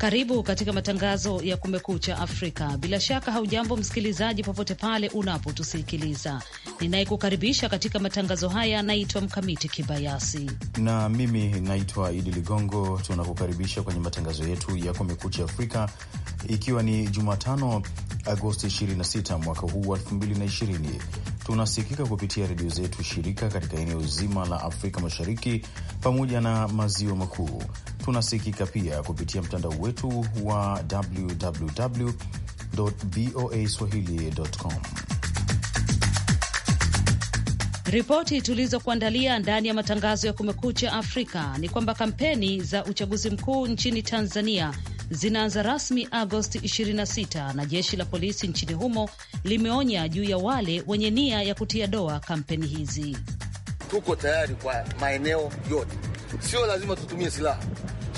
Karibu katika matangazo ya Kumekucha Afrika. Bila shaka haujambo msikilizaji, popote pale unapotusikiliza. Ninayekukaribisha katika matangazo haya naitwa Mkamiti Kibayasi na mimi naitwa Idi Ligongo. Tunakukaribisha kwenye matangazo yetu ya Kumekucha Afrika, ikiwa ni Jumatano Agosti 26 mwaka huu wa 2020. Tunasikika kupitia redio zetu shirika katika eneo zima la Afrika Mashariki pamoja na maziwa makuu Tunasikika pia kupitia mtandao wetu wa www voa swahili.com. Ripoti tulizokuandalia ndani ya matangazo ya Kumekucha Afrika ni kwamba kampeni za uchaguzi mkuu nchini Tanzania zinaanza rasmi Agosti 26 na jeshi la polisi nchini humo limeonya juu ya wale wenye nia ya kutia doa kampeni hizi. Tuko tayari kwa maeneo yote, sio lazima tutumie silaha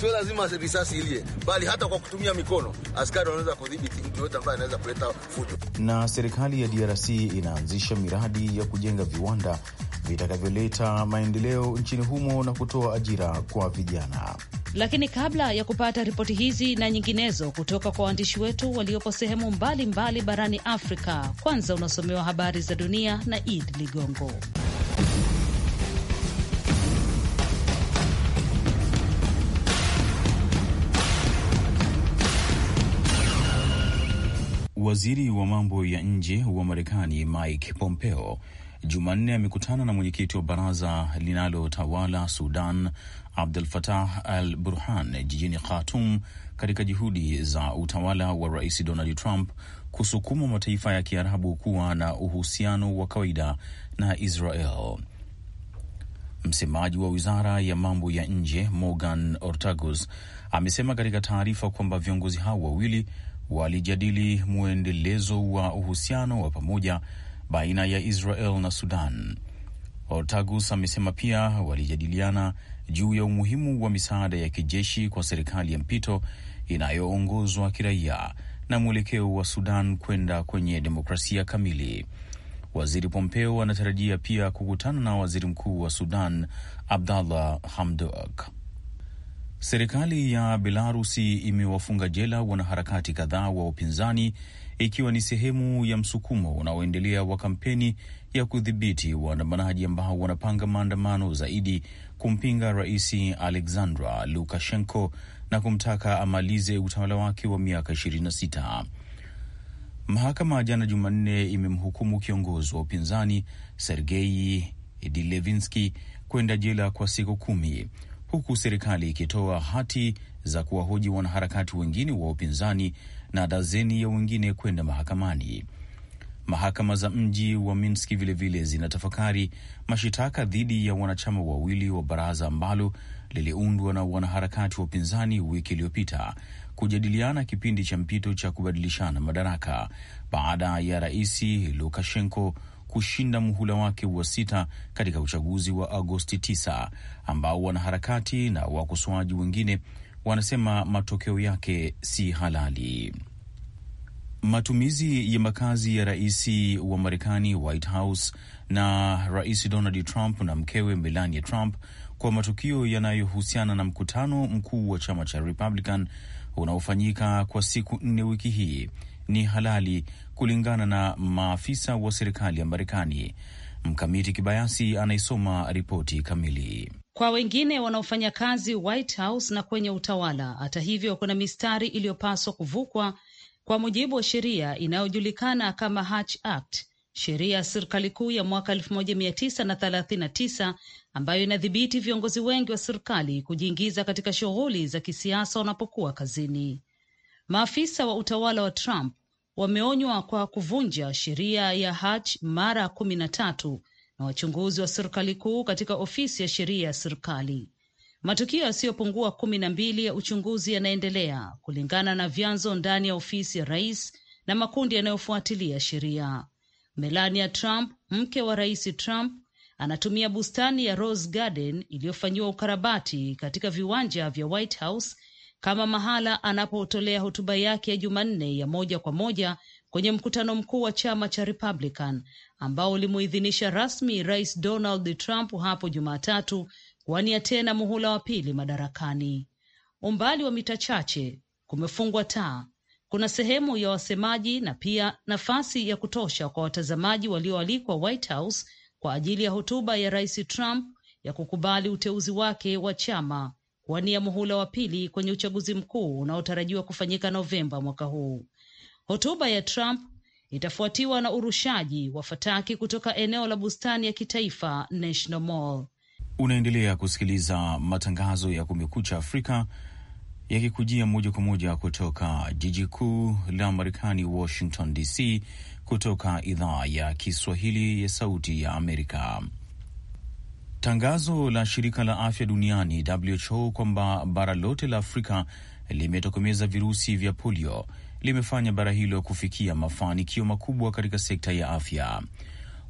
sio lazima risasi ilie, bali hata kwa kutumia mikono askari wanaweza kudhibiti mtu yoyote ambaye anaweza kuleta fujo. Na serikali ya DRC inaanzisha miradi ya kujenga viwanda vitakavyoleta maendeleo nchini humo na kutoa ajira kwa vijana. Lakini kabla ya kupata ripoti hizi na nyinginezo kutoka kwa waandishi wetu waliopo sehemu mbalimbali mbali barani Afrika, kwanza unasomewa habari za dunia na Id Ligongo. Waziri wa mambo ya nje wa Marekani Mike Pompeo Jumanne amekutana na mwenyekiti wa baraza linalotawala Sudan Abdul Fatah al Burhan jijini khatum katika juhudi za utawala wa Rais Donald Trump kusukuma mataifa ya Kiarabu kuwa na uhusiano wa kawaida na Israel. Msemaji wa wizara ya mambo ya nje Morgan Ortagus amesema katika taarifa kwamba viongozi hao wawili walijadili mwendelezo wa uhusiano wa pamoja baina ya Israel na Sudan. Ortagus amesema pia walijadiliana juu ya umuhimu wa misaada ya kijeshi kwa serikali ya mpito inayoongozwa kiraia na mwelekeo wa Sudan kwenda kwenye demokrasia kamili. Waziri Pompeo anatarajia pia kukutana na waziri mkuu wa Sudan Abdallah Hamdok. Serikali ya Belarusi imewafunga jela wanaharakati kadhaa wa upinzani ikiwa ni sehemu ya msukumo unaoendelea wa kampeni ya kudhibiti waandamanaji ambao wanapanga maandamano zaidi kumpinga Rais Alexandra Lukashenko na kumtaka amalize utawala wake wa miaka 26. Mahakama jana Jumanne imemhukumu kiongozi wa upinzani Sergei Dilevinski kwenda jela kwa siku kumi huku serikali ikitoa hati za kuwahoji wanaharakati wengine wa upinzani na dazeni ya wengine kwenda mahakamani. Mahakama za mji wa Minsk vilevile zinatafakari mashitaka dhidi ya wanachama wawili wa baraza ambalo liliundwa na wanaharakati wa upinzani wiki iliyopita kujadiliana kipindi cha mpito cha kubadilishana madaraka baada ya Rais Lukashenko kushinda muhula wake wa sita katika uchaguzi wa Agosti 9 ambao wanaharakati na wakosoaji wengine wanasema matokeo yake si halali. Matumizi ya makazi ya rais wa Marekani, White House, na Rais Donald Trump na mkewe Melania Trump kwa matukio yanayohusiana na mkutano mkuu wa chama cha Republican unaofanyika kwa siku nne wiki hii ni halali kulingana na maafisa wa serikali ya Marekani. Mkamiti Kibayasi anaisoma ripoti kamili. Kwa wengine wanaofanya kazi White House na kwenye utawala, hata hivyo, kuna mistari iliyopaswa kuvukwa kwa mujibu wa sheria inayojulikana kama Hatch Act, sheria ya serikali kuu ya mwaka 1939 ambayo inadhibiti viongozi wengi wa serikali kujiingiza katika shughuli za kisiasa wanapokuwa kazini. Maafisa wa utawala wa Trump wameonywa kwa kuvunja sheria ya hach mara kumi na tatu na wachunguzi wa serikali kuu katika ofisi ya sheria ya serikali. Matukio yasiyopungua kumi na mbili ya uchunguzi yanaendelea kulingana na vyanzo ndani ya ofisi ya rais na makundi yanayofuatilia sheria. Melania Trump, mke wa rais Trump, anatumia bustani ya Rose Garden iliyofanyiwa ukarabati katika viwanja vya White House kama mahala anapotolea hotuba yake ya Jumanne ya moja kwa moja kwenye mkutano mkuu wa chama cha Republican ambao ulimuidhinisha rasmi Rais Donald Trump hapo Jumatatu kuwania tena muhula wa pili madarakani. Umbali wa mita chache kumefungwa taa, kuna sehemu ya wasemaji na pia nafasi ya kutosha kwa watazamaji walioalikwa White House kwa ajili ya hotuba ya Rais Trump ya kukubali uteuzi wake wa chama kuwania muhula wa pili kwenye uchaguzi mkuu unaotarajiwa kufanyika Novemba mwaka huu. Hotuba ya Trump itafuatiwa na urushaji wa fataki kutoka eneo la bustani ya kitaifa National Mall. Unaendelea kusikiliza matangazo ya Kumekucha Afrika yakikujia moja kwa moja kutoka jiji kuu la Marekani, Washington DC, kutoka idhaa ya Kiswahili ya Sauti ya Amerika. Tangazo la shirika la afya duniani WHO kwamba bara lote la Afrika limetokomeza virusi vya polio limefanya bara hilo kufikia mafanikio makubwa katika sekta ya afya.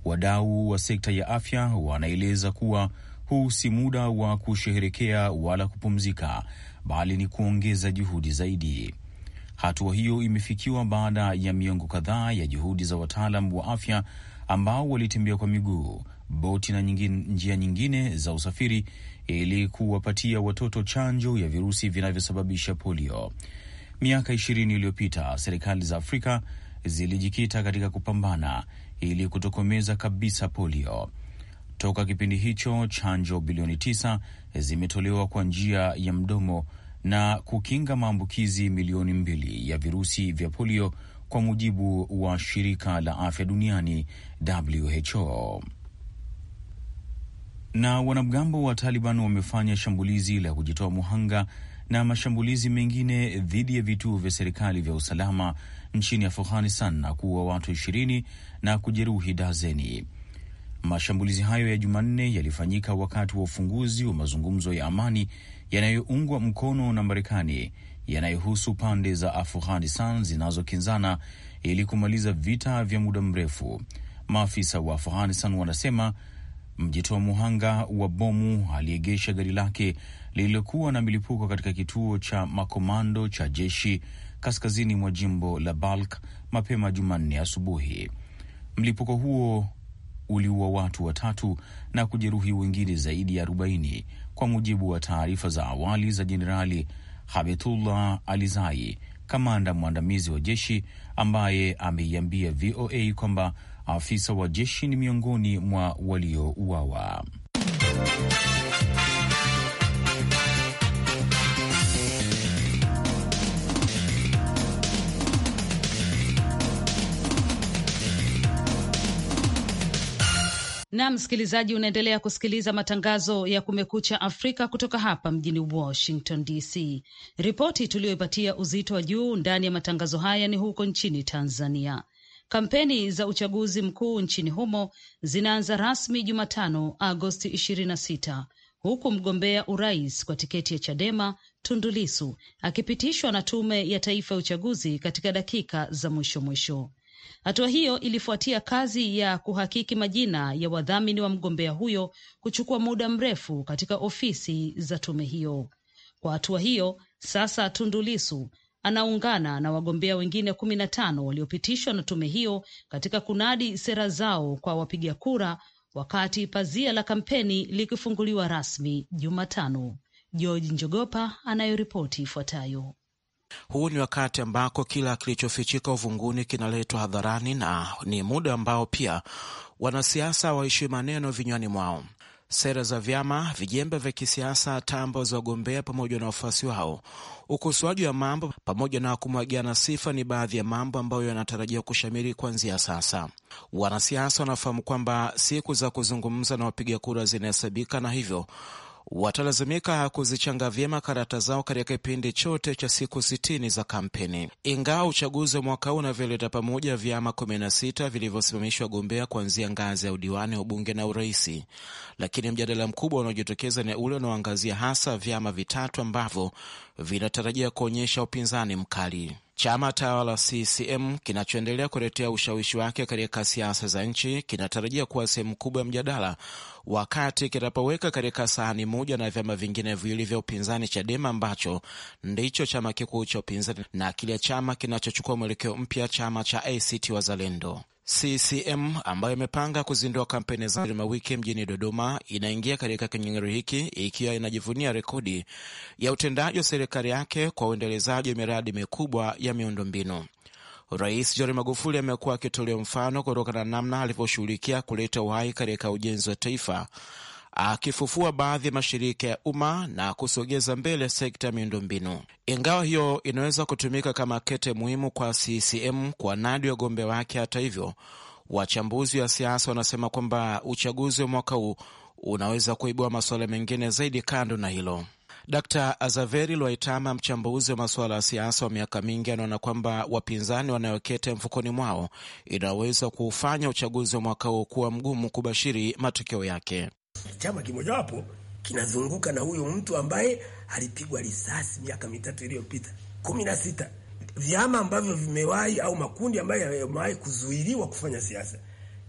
Wadau wa sekta ya afya wanaeleza kuwa huu si muda wa kusheherekea wala kupumzika, bali ni kuongeza juhudi zaidi. Hatua hiyo imefikiwa baada ya miongo kadhaa ya juhudi za wataalam wa afya ambao walitembea kwa miguu boti na nyingine, njia nyingine za usafiri ili kuwapatia watoto chanjo ya virusi vinavyosababisha polio. Miaka ishirini iliyopita serikali za Afrika zilijikita katika kupambana ili kutokomeza kabisa polio. Toka kipindi hicho chanjo bilioni tisa zimetolewa kwa njia ya mdomo na kukinga maambukizi milioni mbili ya virusi vya polio, kwa mujibu wa shirika la afya duniani WHO na wanamgambo wa Taliban wamefanya shambulizi la kujitoa muhanga na mashambulizi mengine dhidi ya vituo vya serikali vya usalama nchini Afghanistan na kuua watu ishirini na kujeruhi dazeni. Mashambulizi hayo ya Jumanne yalifanyika wakati wa ufunguzi wa mazungumzo ya amani yanayoungwa mkono na Marekani yanayohusu pande za Afghanistan zinazokinzana ili kumaliza vita vya muda mrefu. Maafisa wa Afghanistan wanasema mjitoa muhanga wa bomu aliegesha gari lake lililokuwa na milipuko katika kituo cha makomando cha jeshi kaskazini mwa jimbo la Balk mapema Jumanne asubuhi. Mlipuko huo uliua watu watatu na kujeruhi wengine zaidi ya 40 kwa mujibu wa taarifa za awali za Jenerali Habetullah Alizai, kamanda mwandamizi wa jeshi ambaye ameiambia VOA kwamba Afisa wa jeshi ni miongoni mwa waliouawa. na msikilizaji, unaendelea kusikiliza matangazo ya Kumekucha Afrika kutoka hapa mjini Washington DC. Ripoti tuliyoipatia uzito wa juu ndani ya matangazo haya ni huko nchini Tanzania. Kampeni za uchaguzi mkuu nchini humo zinaanza rasmi Jumatano, Agosti 26 huku mgombea urais kwa tiketi ya Chadema Tundulisu akipitishwa na Tume ya Taifa ya Uchaguzi katika dakika za mwisho mwisho. Hatua hiyo ilifuatia kazi ya kuhakiki majina ya wadhamini wa mgombea huyo kuchukua muda mrefu katika ofisi za tume hiyo. Kwa hatua hiyo sasa, Tundulisu anaungana na wagombea wengine kumi na tano waliopitishwa na tume hiyo katika kunadi sera zao kwa wapiga kura, wakati pazia la kampeni likifunguliwa rasmi Jumatano. George Njogopa anayoripoti ifuatayo. Huu ni wakati ambako kila kilichofichika uvunguni kinaletwa hadharani na ni muda ambao pia wanasiasa waishi maneno vinywani mwao sera za vyama, vijembe vya kisiasa, tambo za wagombea pamoja na wafuasi wao, ukosoaji wa mambo pamoja na kumwagiana sifa ni baadhi ya mambo ambayo yanatarajiwa kushamiri kuanzia sasa. Wanasiasa wanafahamu kwamba siku za kuzungumza na wapiga kura zinahesabika na hivyo watalazimika kuzichanga vyema karata zao katika kipindi chote cha siku sitini za kampeni. Ingawa uchaguzi wa mwaka huu unavyoleta pamoja vyama sita vilivyosimamishwa gombea kuanzia ngazi ya udiwani, wa ubunge na uraisi, lakini mjadala mkubwa unaojitokeza ni ule unaoangazia hasa vyama vitatu ambavyo vinatarajia kuonyesha upinzani mkali. Chama tawala CCM kinachoendelea kuletea ushawishi wake katika siasa za nchi kinatarajia kuwa sehemu kubwa ya mjadala wakati kinapoweka katika sahani moja na vyama vingine viwili vya upinzani, Chadema ambacho ndicho chama kikuu cha upinzani na kile chama kinachochukua mwelekeo mpya, chama cha ACT Wazalendo. CCM ambayo imepanga kuzindua kampeni zake mawiki mjini Dodoma inaingia katika kinyang'anyiro hiki ikiwa inajivunia rekodi ya utendaji wa serikali yake kwa uendelezaji wa miradi mikubwa ya miundombinu. Rais John Magufuli amekuwa akitolea mfano kutokana na namna alivyoshughulikia kuleta uhai katika ujenzi wa taifa akifufua baadhi ya mashirika ya umma na kusogeza mbele sekta ya miundombinu. Ingawa hiyo inaweza kutumika kama kete muhimu kwa CCM kwa nadi wagombea wake. Hata hivyo, wachambuzi wa siasa wanasema kwamba uchaguzi wa mwaka huu unaweza kuibua masuala mengine zaidi kando na hilo. Dkt Azaveri Lwaitama, mchambuzi wa masuala ya siasa wa miaka mingi, anaona kwamba wapinzani wanayokete mfukoni mwao inaweza kuufanya uchaguzi wa mwaka huu kuwa mgumu kubashiri matokeo yake chama kimojawapo kinazunguka na huyo mtu ambaye alipigwa risasi miaka mitatu iliyopita. kumi na sita vyama ambavyo vimewahi au makundi ambayo yamewahi kuzuiliwa kufanya siasa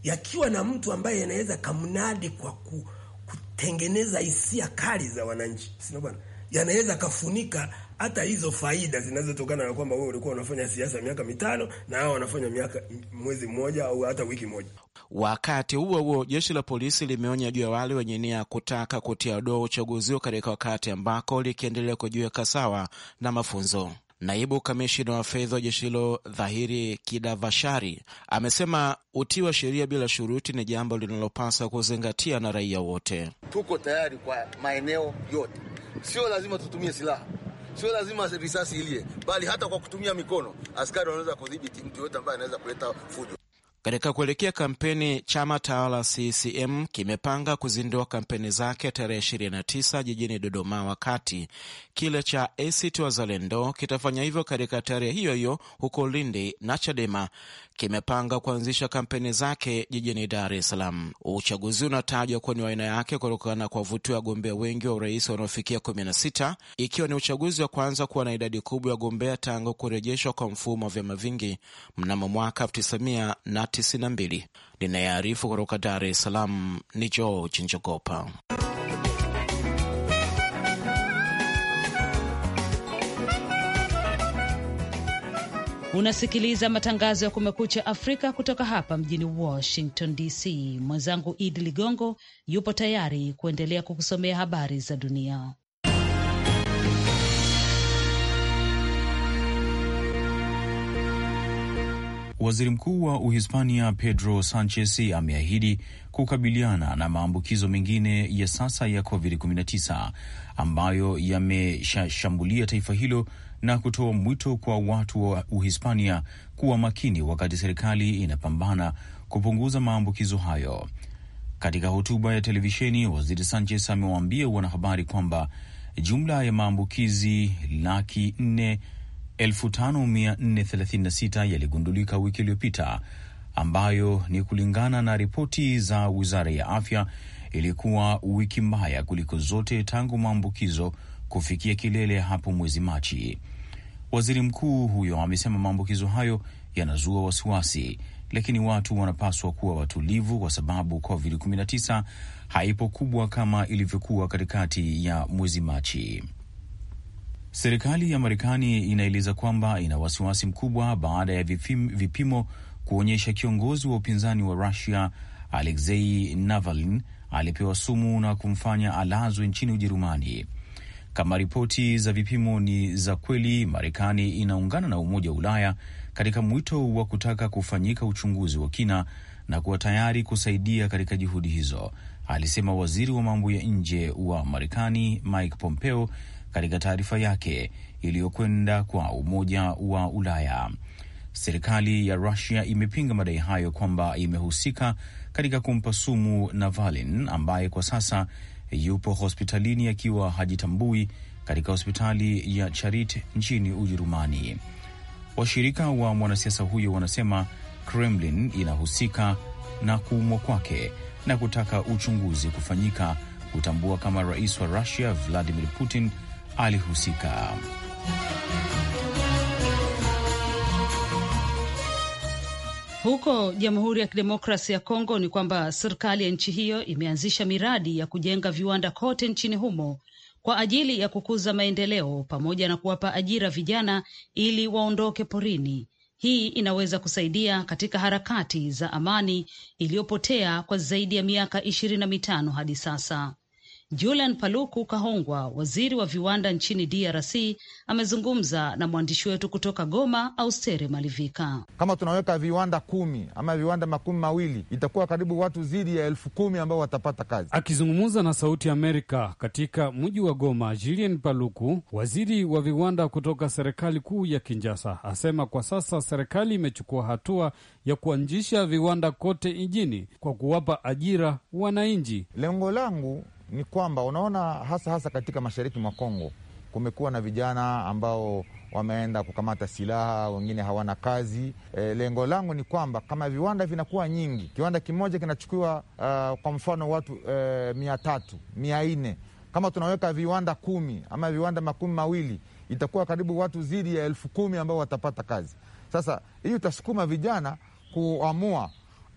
yakiwa na mtu ambaye anaweza kamnadi kwa ku, kutengeneza hisia kali za wananchi, sio bwana, yanaweza kafunika hata hizo faida zinazotokana na kwamba wewe ulikuwa unafanya siasa miaka mitano na hao wanafanya miaka mwezi mmoja au hata wiki moja. Wakati huo huo, jeshi la polisi limeonya juu ya wale wenye nia kutaka kutia doa uchaguzi huo katika wakati ambako likiendelea kujiweka sawa na mafunzo. Naibu kamishina wa fedha wa jeshi hilo Dhahiri Kidavashari amesema utii wa sheria bila shuruti ni jambo linalopaswa kuzingatia na raia wote. Tuko tayari kwa maeneo yote, sio lazima tutumie silaha Sio lazima risasi ilie, bali hata kwa kutumia mikono askari wanaweza kudhibiti mtu yoyote ambaye anaweza kuleta fujo. Katika kuelekea kampeni, chama tawala CCM kimepanga kuzindua kampeni zake tarehe 29 jijini Dodoma, wakati Kile cha ACT Wazalendo kitafanya hivyo katika tarehe hiyo hiyo huko Lindi, na Chadema kimepanga kuanzisha kampeni zake jijini Dar es Salaam. Uchaguzi unatajwa kuwa ni wa aina yake kutokana na kuwavutia wagombea wengi wa urais wanaofikia 16 ikiwa ni uchaguzi wa kwanza kuwa na idadi kubwa ya wagombea tangu kurejeshwa kwa mfumo wa vyama vingi mnamo mwaka 1992. Ninayearifu kutoka Dar es Salaam ni George Njogopa. Unasikiliza matangazo ya Kumekucha Afrika kutoka hapa mjini Washington DC. Mwenzangu Idi Ligongo yupo tayari kuendelea kukusomea habari za dunia. Waziri Mkuu wa Uhispania Pedro Sanchez ameahidi kukabiliana na maambukizo mengine ya sasa ya COVID-19 ambayo yameshashambulia taifa hilo na kutoa mwito kwa watu wa Uhispania kuwa makini wakati serikali inapambana kupunguza maambukizo hayo. Katika hotuba ya televisheni, Waziri Sanchez amewaambia wanahabari kwamba jumla ya maambukizi laki nne yaligundulika wiki iliyopita ambayo ni kulingana na ripoti za wizara ya afya. Ilikuwa wiki mbaya kuliko zote tangu maambukizo kufikia kilele hapo mwezi Machi. Waziri mkuu huyo amesema maambukizo hayo yanazua wasiwasi, lakini watu wanapaswa kuwa watulivu kwa sababu COVID-19 haipo kubwa kama ilivyokuwa katikati ya mwezi Machi. Serikali ya Marekani inaeleza kwamba ina wasiwasi mkubwa baada ya vipim, vipimo kuonyesha kiongozi wa upinzani wa Rusia Alexei Navalny alipewa sumu na kumfanya alazwe nchini Ujerumani. Kama ripoti za vipimo ni za kweli, Marekani inaungana na Umoja wa Ulaya katika mwito wa kutaka kufanyika uchunguzi wa kina na kuwa tayari kusaidia katika juhudi hizo, alisema waziri wa mambo ya nje wa Marekani Mike Pompeo katika taarifa yake iliyokwenda kwa Umoja wa Ulaya. Serikali ya Rusia imepinga madai hayo kwamba imehusika katika kumpa sumu Navalny ambaye kwa sasa yupo hospitalini akiwa hajitambui katika hospitali ya Charite nchini Ujerumani. Washirika wa mwanasiasa huyo wanasema Kremlin inahusika na kuumwa kwake na kutaka uchunguzi kufanyika kutambua kama rais wa Rusia Vladimir Putin alihusika. Huko Jamhuri ya Kidemokrasi ya Kongo ni kwamba serikali ya nchi hiyo imeanzisha miradi ya kujenga viwanda kote nchini humo kwa ajili ya kukuza maendeleo pamoja na kuwapa ajira vijana ili waondoke porini. Hii inaweza kusaidia katika harakati za amani iliyopotea kwa zaidi ya miaka ishirini na mitano hadi sasa. Julian Paluku Kahongwa, waziri wa viwanda nchini DRC, amezungumza na mwandishi wetu kutoka Goma, Austere Malivika. Kama tunaweka viwanda kumi ama viwanda makumi mawili itakuwa karibu watu zaidi ya elfu kumi ambao watapata kazi. Akizungumza na Sauti Amerika katika mji wa Goma, Julian Paluku, waziri wa viwanda kutoka serikali kuu ya kinjasa asema kwa sasa serikali imechukua hatua ya kuanzisha viwanda kote nchini kwa kuwapa ajira wananchi. Lengo langu ni kwamba unaona, hasa hasa katika mashariki mwa Kongo kumekuwa na vijana ambao wameenda kukamata silaha, wengine hawana kazi. E, lengo langu ni kwamba kama viwanda vinakuwa nyingi, kiwanda kimoja kinachukua uh, kwa mfano watu uh, mia tatu mia nne kama tunaweka viwanda kumi ama viwanda makumi mawili itakuwa karibu watu zaidi ya elfu kumi ambao watapata kazi. Sasa hiyo itasukuma vijana kuamua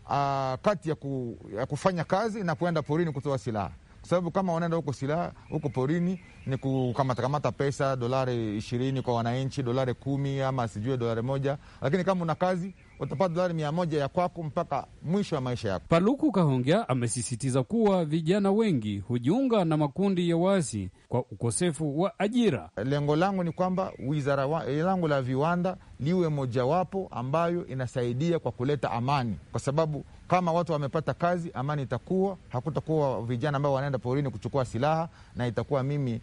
uh, kati ya, ku, ya kufanya kazi na kuenda porini kutoa silaha kwa sababu kama unaenda huko silaha huko porini ni kukamatakamata pesa, dolari ishirini kwa wananchi, dolari kumi ama sijue dolari moja, lakini kama una kazi utapata dolari mia moja ya kwako mpaka mwisho wa maisha yako. Paluku Kahongya amesisitiza kuwa vijana wengi hujiunga na makundi ya waasi kwa ukosefu wa ajira. Lengo langu ni kwamba wizara eh, langu la viwanda liwe mojawapo ambayo inasaidia kwa kuleta amani, kwa sababu kama watu wamepata kazi, amani itakuwa, hakutakuwa vijana ambao wanaenda porini kuchukua silaha, na itakuwa mimi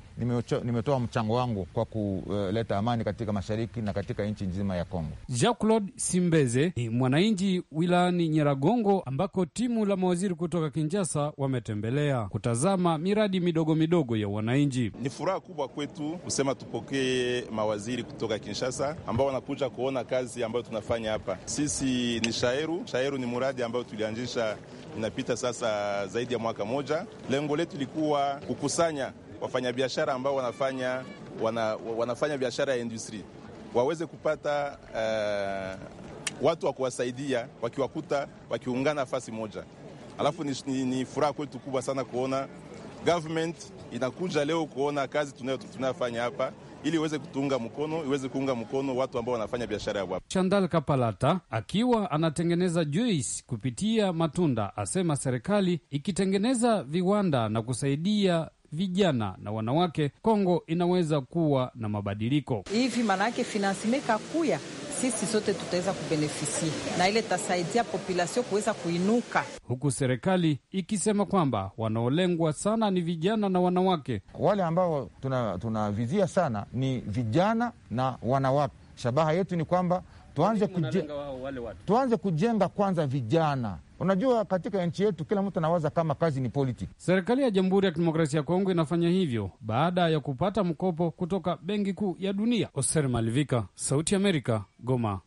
nimetoa mchango wangu kwa kuleta amani katika mashariki na katika nchi nzima ya Kongo. Jean Claude Simbeze ni mwananchi wilayani Nyiragongo, ambako timu la mawaziri kutoka Kinshasa wametembelea kutazama miradi midogo midogo ya wananchi. Ni furaha kubwa kwetu kusema tupokee mawaziri kutoka Kinshasa ambao wanakuja kuona kazi ambayo tunafanya hapa. Sisi ni shaeru, shaeru ni mradi ambayo tulianzisha, inapita sasa zaidi ya mwaka moja. Lengo letu ilikuwa kukusanya wafanyabiashara ambao wanafanya, wana, wanafanya biashara ya industri waweze kupata uh, watu wa kuwasaidia wakiwakuta wakiungana nafasi moja. Alafu ni, ni, ni furaha kwetu kubwa sana kuona government inakuja leo kuona kazi tunayofanya hapa ili iweze kutunga mkono, iweze kuunga mkono watu ambao wanafanya biashara ya bwabu. Chandal Kapalata akiwa anatengeneza juice kupitia matunda, asema serikali ikitengeneza viwanda na kusaidia vijana na wanawake, Kongo inaweza kuwa na mabadiliko hivi, manake finansi mekakuya sisi sote tutaweza kubenefisi na ile itasaidia populasio kuweza kuinuka, huku serikali ikisema kwamba wanaolengwa sana ni vijana na wanawake. Wale ambao tunavizia tuna sana ni vijana na wanawake. Shabaha yetu ni kwamba tuanze kujenga, tuanze kujenga kwanza vijana Unajua, katika nchi yetu kila mtu anawaza kama kazi ni politiki. Serikali ya Jamhuri ya Kidemokrasia ya Kongo inafanya hivyo baada ya kupata mkopo kutoka Benki Kuu ya Dunia. Oser Malivika, Sauti Amerika, Goma.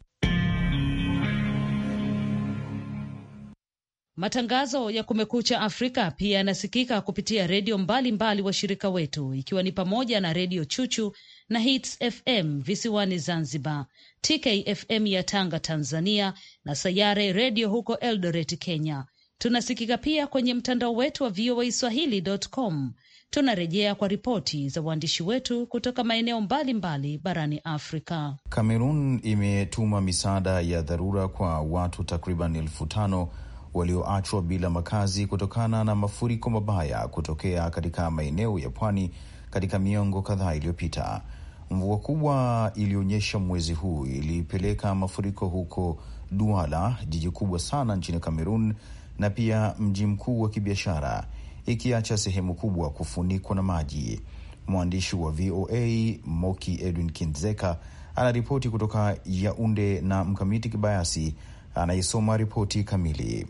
Matangazo ya Kumekucha Afrika pia yanasikika kupitia redio mbalimbali washirika wetu, ikiwa ni pamoja na Redio Chuchu na Hits FM visiwani Zanzibar TKFM ya Tanga, Tanzania, na Sayare Redio huko Eldoret, Kenya. Tunasikika pia kwenye mtandao wetu wa VOA Swahili.com. Tunarejea kwa ripoti za waandishi wetu kutoka maeneo mbalimbali barani Afrika. Kamerun imetuma misaada ya dharura kwa watu takriban elfu tano walioachwa bila makazi kutokana na mafuriko mabaya kutokea katika maeneo ya pwani katika miongo kadhaa iliyopita. Mvua kubwa iliyoonyesha mwezi huu ilipeleka mafuriko huko Duala, jiji kubwa sana nchini Kamerun na pia mji mkuu wa kibiashara, ikiacha sehemu kubwa kufunikwa na maji. Mwandishi wa VOA Moki Edwin Kinzeka anaripoti kutoka Yaunde na Mkamiti Kibayasi anaisoma ripoti kamili.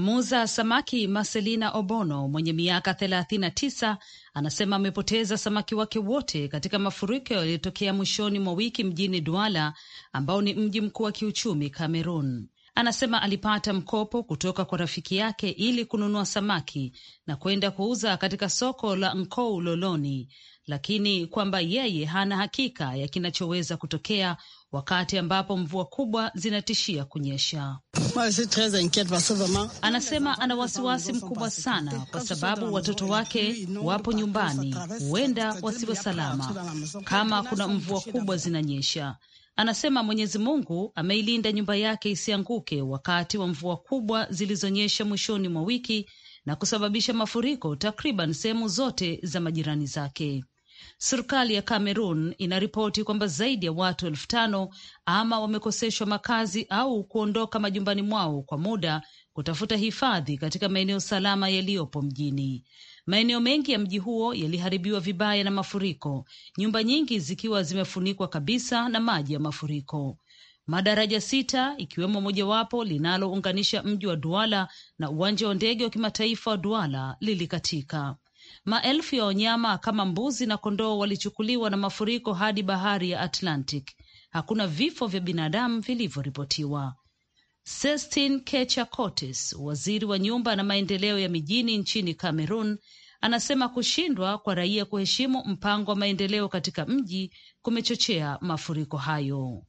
Muza samaki Marcelina Obono mwenye miaka 39 anasema amepoteza samaki wake wote katika mafuriko yaliyotokea mwishoni mwa wiki mjini duala ambao ni mji mkuu wa kiuchumi Cameroon. Anasema alipata mkopo kutoka kwa rafiki yake ili kununua samaki na kwenda kuuza katika soko la Nkou Loloni, lakini kwamba yeye hana hakika ya kinachoweza kutokea wakati ambapo mvua kubwa zinatishia kunyesha. Anasema ana wasiwasi mkubwa sana kwa sababu watoto wake wapo nyumbani, huenda wasiwe salama kama kuna mvua kubwa zinanyesha. Anasema Mwenyezi Mungu ameilinda nyumba yake isianguke wakati wa mvua kubwa zilizonyesha mwishoni mwa wiki na kusababisha mafuriko takriban sehemu zote za majirani zake. Serikali ya Cameroon inaripoti kwamba zaidi ya watu elfu tano ama wamekoseshwa makazi au kuondoka majumbani mwao kwa muda kutafuta hifadhi katika maeneo salama yaliyopo mjini. Maeneo mengi ya mji huo yaliharibiwa vibaya na mafuriko, nyumba nyingi zikiwa zimefunikwa kabisa na maji ya mafuriko. Madaraja sita ikiwemo mojawapo linalounganisha mji wa Duala na uwanja wa ndege wa kimataifa wa Duala lilikatika. Maelfu ya wanyama kama mbuzi na kondoo walichukuliwa na mafuriko hadi bahari ya Atlantic. Hakuna vifo vya binadamu vilivyoripotiwa. Sestin Kecha Cotis, waziri wa nyumba na maendeleo ya mijini nchini Cameroon, anasema kushindwa kwa raia kuheshimu mpango wa maendeleo katika mji kumechochea mafuriko hayo.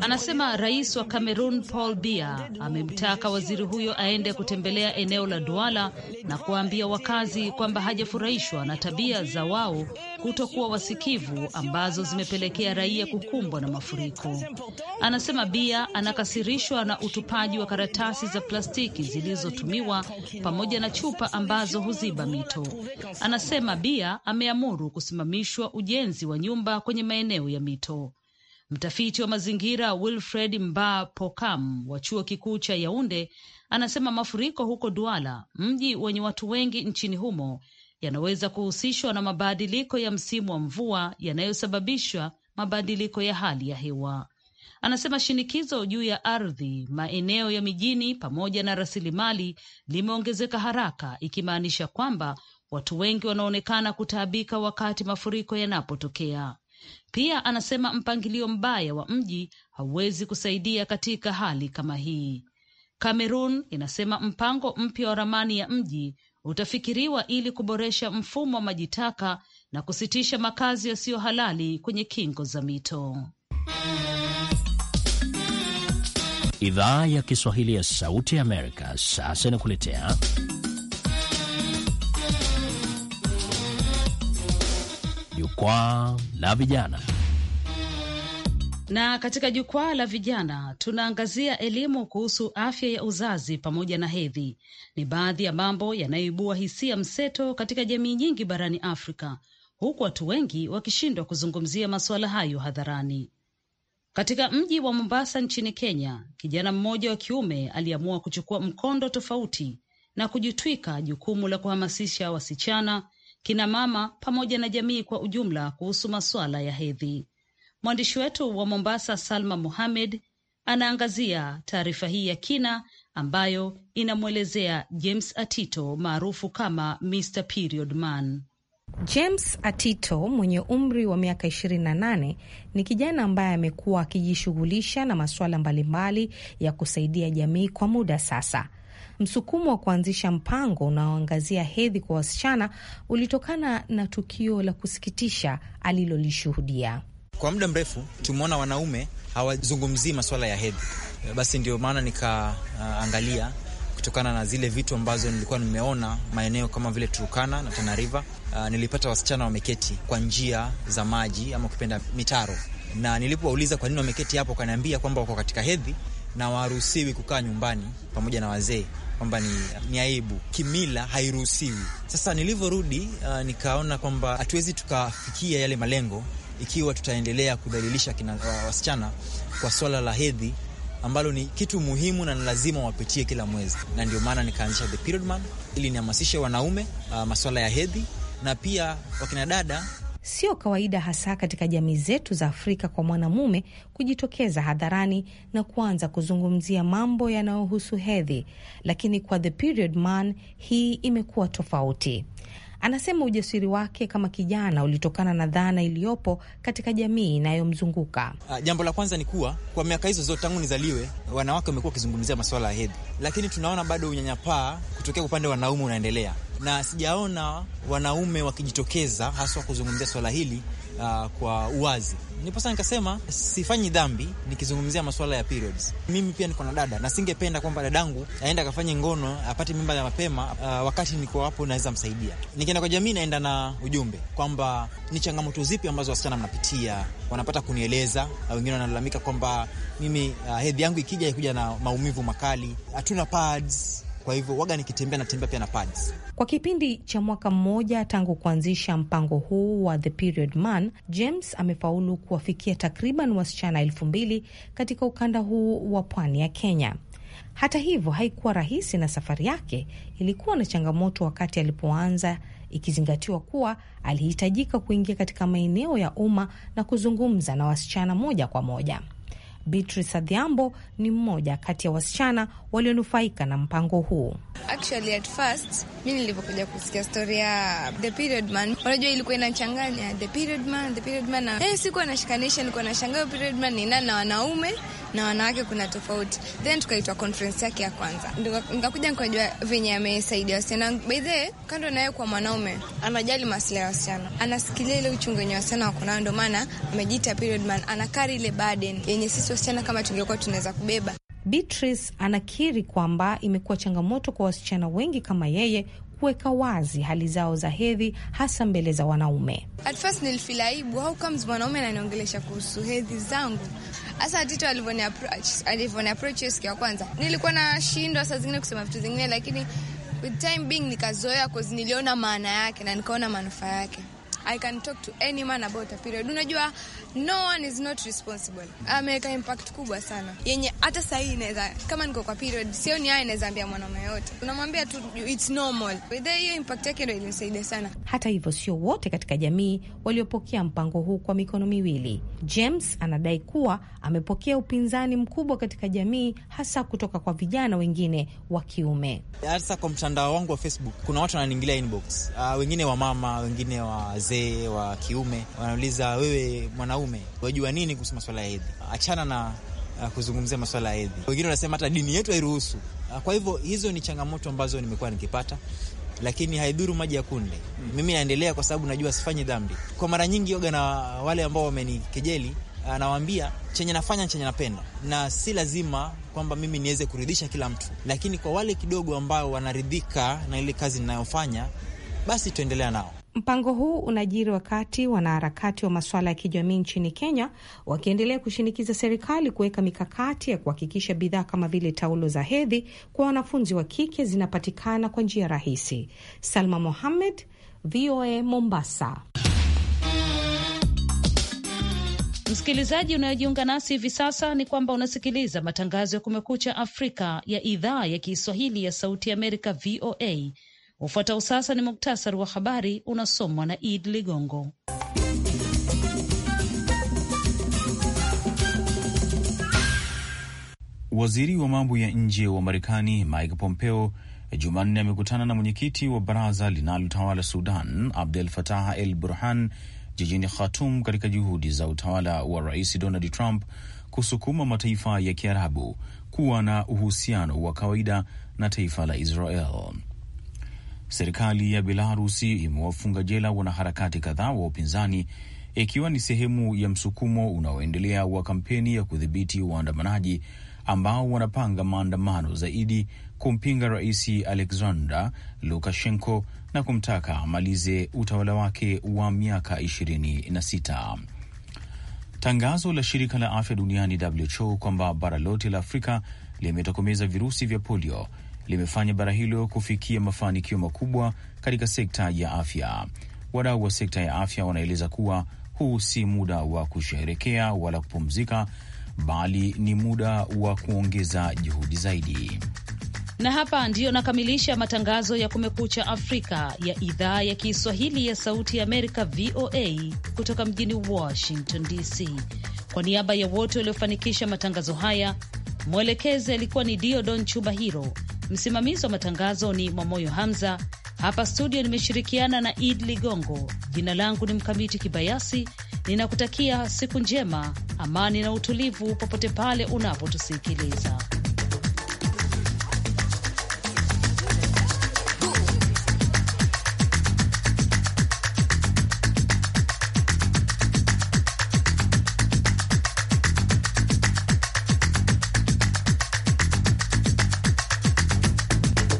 Anasema rais wa Cameroon Paul Biya amemtaka waziri huyo aende kutembelea eneo la Duala na kuwaambia wakazi kwamba hajafurahishwa na tabia za wao kutokuwa wasikivu ambazo zimepelekea raia kukumbwa na mafuriko. Anasema Biya anakasirishwa na utupaji wa karatasi za plastiki zilizotumiwa pamoja na chupa ambazo huziba mito. Anasema Biya ameamuru kusimamia kusimamishwa ujenzi wa nyumba kwenye maeneo ya mito. Mtafiti wa mazingira Wilfred Mba Pokam wa chuo kikuu cha Yaunde anasema mafuriko huko Duala, mji wenye watu wengi nchini humo, yanaweza kuhusishwa na mabadiliko ya msimu wa mvua yanayosababishwa mabadiliko ya hali ya hewa. Anasema shinikizo juu ya ardhi, maeneo ya mijini pamoja na rasilimali limeongezeka haraka, ikimaanisha kwamba Watu wengi wanaonekana kutaabika wakati mafuriko yanapotokea. Pia anasema mpangilio mbaya wa mji hauwezi kusaidia katika hali kama hii. Kamerun inasema mpango mpya wa ramani ya mji utafikiriwa ili kuboresha mfumo wa maji taka na kusitisha makazi yasiyo halali kwenye kingo za mito. Idhaa ya Kiswahili ya Sauti ya Amerika sasa inakuletea jukwaa la vijana. Na katika jukwaa la vijana tunaangazia elimu kuhusu afya ya uzazi pamoja na hedhi. Ni baadhi ya mambo yanayoibua hisia mseto katika jamii nyingi barani Afrika, huku watu wengi wakishindwa kuzungumzia masuala hayo hadharani. Katika mji wa Mombasa nchini Kenya, kijana mmoja wa kiume aliamua kuchukua mkondo tofauti na kujitwika jukumu la kuhamasisha wasichana kina mama pamoja na jamii kwa ujumla kuhusu masuala ya hedhi. Mwandishi wetu wa Mombasa, Salma Muhamed, anaangazia taarifa hii ya kina ambayo inamwelezea James Atito maarufu kama Mr Period Man. James Atito mwenye umri wa miaka 28 ni kijana ambaye amekuwa akijishughulisha na masuala mbalimbali ya kusaidia jamii kwa muda sasa. Msukumo wa kuanzisha mpango unaoangazia hedhi kwa wasichana ulitokana na tukio la kusikitisha alilolishuhudia. Kwa muda mrefu tumeona wanaume hawazungumzii masuala ya hedhi, basi ndio maana nikaangalia uh, kutokana na zile vitu ambazo nilikuwa nimeona maeneo kama vile Turukana na Tana River. Uh, nilipata wasichana wameketi kwa njia za maji ama ukipenda mitaro, na nilipowauliza kwa nini wameketi hapo, kaniambia kwamba wako katika hedhi na waruhusiwi kukaa nyumbani pamoja na wazee kwamba ni, ni aibu kimila, hairuhusiwi. Sasa nilivyorudi, uh, nikaona kwamba hatuwezi tukafikia yale malengo ikiwa tutaendelea kudhalilisha kina, uh, wasichana kwa swala la hedhi ambalo ni kitu muhimu na lazima wapitie kila mwezi, na ndio maana nikaanzisha The Period Man ili nihamasishe wanaume uh, maswala ya hedhi na pia wakina dada Sio kawaida hasa katika jamii zetu za Afrika kwa mwanamume kujitokeza hadharani na kuanza kuzungumzia mambo yanayohusu hedhi, lakini kwa The Period Man hii imekuwa tofauti. Anasema ujasiri wake kama kijana ulitokana na dhana iliyopo katika jamii inayomzunguka. Uh, jambo la kwanza ni kuwa kwa miaka hizo zote tangu nizaliwe, wanawake wamekuwa wakizungumzia masuala ya hedhi, lakini tunaona bado unyanyapaa kutokea upande wa wanaume unaendelea, na sijaona wanaume wakijitokeza haswa kuzungumzia swala hili uh, kwa uwazi. Niposa nikasema sifanyi dhambi nikizungumzia masuala ya periods. Mimi pia niko na dada na singependa kwamba dadangu aenda akafanye ngono apate mimba ya mapema, uh, wakati niko hapo naweza msaidia. Nikienda kwa jamii naenda na ujumbe kwamba ni changamoto zipi ambazo wasichana mnapitia, wanapata kunieleza. Wengine wanalalamika kwamba mimi uh, hedhi yangu ikija ikuja na maumivu makali, hatuna pads kwa hivyo waga nikitembea natembea pia na pads. Kwa kipindi cha mwaka mmoja tangu kuanzisha mpango huu wa The Period Man, James amefaulu kuwafikia takriban wasichana elfu mbili katika ukanda huu wa pwani ya Kenya. Hata hivyo haikuwa rahisi, na safari yake ilikuwa na changamoto wakati alipoanza, ikizingatiwa kuwa alihitajika kuingia katika maeneo ya umma na kuzungumza na wasichana moja kwa moja. Beatrice Adhiambo ni mmoja kati ya wasichana walionufaika na mpango huu. Actually, at first mi nilivyokuja kusikia stori ya the period man, unajua ilikuwa inachanganya the period man, the period man na hey, eh, sikuwa nashikanisha, nilikuwa nashangaa period man ni nani na wanaume na wanawake kuna tofauti. Then tukaitwa conference yake ya kwanza, nikakuja nikajua venye amesaidia wasichana. By the way, kando naye kwa mwanaume anajali maslahi ya wasichana, anasikilia ile uchungu wenye wasichana wako nao, ndio maana amejiita period man, anakari ile burden yenye sisi wasichana kama tungekuwa tunaweza kubeba. Beatrice anakiri kwamba imekuwa changamoto kwa wasichana wengi kama yeye kuweka wazi hali zao za hedhi hasa mbele za wanaume. At first nilifeel aibu, how comes mwanaume ananiongelesha kuhusu hedhi zangu? Hasa Tito alivyoni approach, alivyoni approach hiyo siku ya kwanza nilikuwa na shindo saa zingine kusema vitu zingine, lakini with time being nikazoea, cause niliona maana yake na nikaona manufaa yake. I can talk to any man about a period. Unajua no one is not responsible. Ameweka impact kubwa sana yenye hata saa hii inaweza, kama niko kwa period, sioni haya inaweza ambia mwanaume yote, unamwambia tu it's normal. Hiyo impact yake ndio ilinisaidia sana. Hata hivyo, sio wote katika jamii waliopokea mpango huu kwa mikono miwili. James anadai kuwa amepokea upinzani mkubwa katika jamii, hasa kutoka kwa vijana wengine wa kiume. Hasa kwa mtandao wangu wa Facebook kuna watu wananiingilia inbox, uh, wengine wa mama, wengine wa Z, wazee wa kiume wanauliza, wewe mwanaume wajua nini kuhusu maswala ya hedhi? Achana na uh, kuzungumzia maswala ya hedhi. Wengine wanasema hata dini yetu hairuhusu. Uh, kwa hivyo hizo ni changamoto ambazo nimekuwa nikipata lakini haidhuru maji ya kunde, hmm. mimi naendelea kwa sababu najua sifanyi dhambi. Kwa mara nyingi oga na wale ambao wamenikejeli, anawambia uh, chenye nafanya chenye napenda, na si lazima kwamba mimi niweze kuridhisha kila mtu, lakini kwa wale kidogo ambao wanaridhika na ile kazi ninayofanya, basi tuendelea nao. Mpango huu unajiri wakati wanaharakati wa masuala ya kijamii nchini Kenya wakiendelea kushinikiza serikali kuweka mikakati ya kuhakikisha bidhaa kama vile taulo za hedhi kwa wanafunzi wa kike zinapatikana kwa njia rahisi. Salma Mohammed, VOA Mombasa. Msikilizaji unayojiunga nasi hivi sasa ni kwamba unasikiliza matangazo ya Kumekucha Afrika ya idhaa ya Kiswahili ya Sauti ya Amerika, VOA Ufuatao sasa ni muktasari wa habari unasomwa na Id Ligongo. Waziri wa mambo ya nje wa Marekani Mike Pompeo Jumanne amekutana na mwenyekiti wa baraza linalotawala Sudan Abdel Fattah El Burhan jijini Khartoum katika juhudi za utawala wa Rais Donald Trump kusukuma mataifa ya Kiarabu kuwa na uhusiano wa kawaida na taifa la Israel. Serikali ya Belarusi imewafunga jela wanaharakati kadhaa wa upinzani ikiwa ni sehemu ya msukumo unaoendelea wa kampeni ya kudhibiti waandamanaji ambao wanapanga maandamano zaidi kumpinga Rais Alexander Lukashenko na kumtaka amalize utawala wake wa miaka 26. Tangazo la shirika la afya duniani WHO kwamba bara lote la Afrika limetokomeza virusi vya polio limefanya bara hilo kufikia mafanikio makubwa katika sekta ya afya. Wadau wa sekta ya afya wanaeleza kuwa huu si muda wa kusherehekea wala kupumzika, bali ni muda wa kuongeza juhudi zaidi. Na hapa ndiyo nakamilisha matangazo ya Kumekucha Afrika ya idhaa ya Kiswahili ya Sauti ya Amerika, VOA, kutoka mjini Washington DC. Kwa niaba ya wote waliofanikisha matangazo haya, mwelekezi alikuwa ni Diodon Chubahiro. Msimamizi wa matangazo ni Mwamoyo Hamza. Hapa studio nimeshirikiana na Id Ligongo. Jina langu ni Mkamiti Kibayasi. Ninakutakia siku njema, amani na utulivu popote pale unapotusikiliza.